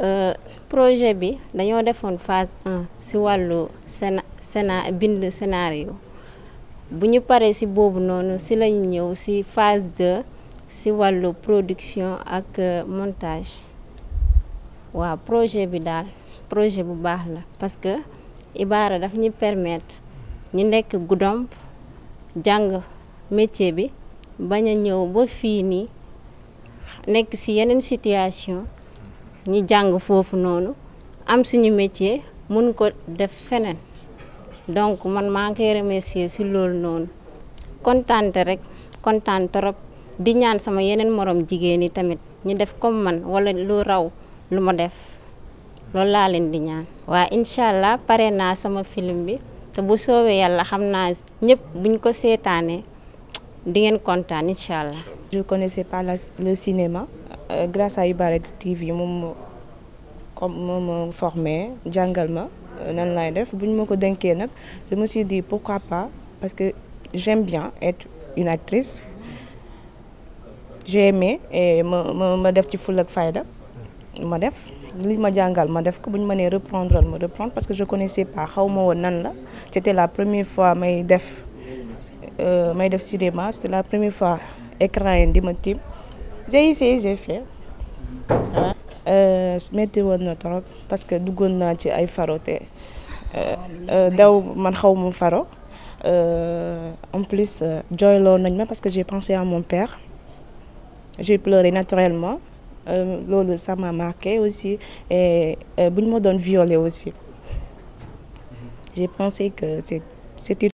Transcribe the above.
Euh, projet bi dañoo defoon phase un si wàllu bind scénario bu ñu paree si boobu noonu si lañ ñëw si phase deux si wàllu production ak euh, montage waaw projet bi daal projet bu baax la parce que Ibara daf ñu permettre ñu nekk Goudomp jàng métier bi bañ a ñëw ba fii nii nekk si yeneen situation ñi jàng foofu noonu am suñu métier mun ko def feneen donc man maa ngi koy remercier si loolu noonu kontaante rek kontaan trop di ñaan sama yeneen morom jigéen yi tamit ñu def comme man walla lu raw lu ma def loolu laa leen di ñaan. waa incha allah pare naa sama film bi te bu soowee yàlla xam naa ñëpp buñ ko seetaanee di ngeen kontaan incha allah. je connaissais pas le Euh, grâce à Ibarek TV moom comme formé jàngal ma euh, nan laay def bu ñu ma ko dénkee nag je me suis dit pourquoi pas parce que j'aime bien être une actrice j'ai aimé et ma ma def ci full ak fayda ma def li ma jangal ma def ko buñ mané reprendre me reprendre parce que je connaissais pas xaw won nan la c'était la première fois may def euh, may def cinéma c'était la première fois écran yi di ma j'ai essayé j'ai fait ah euh, métti woon na trop parce que duggoon naa ci ay faroté. Je euh, euh, daw man pas faro en plus jooyloo nañ ma parce que j'ai pensé à mon père j'ai pleuré naturellement ça m'a marqué aussi et bu ñu donne violé aussi j'ai pensé que c'est c'était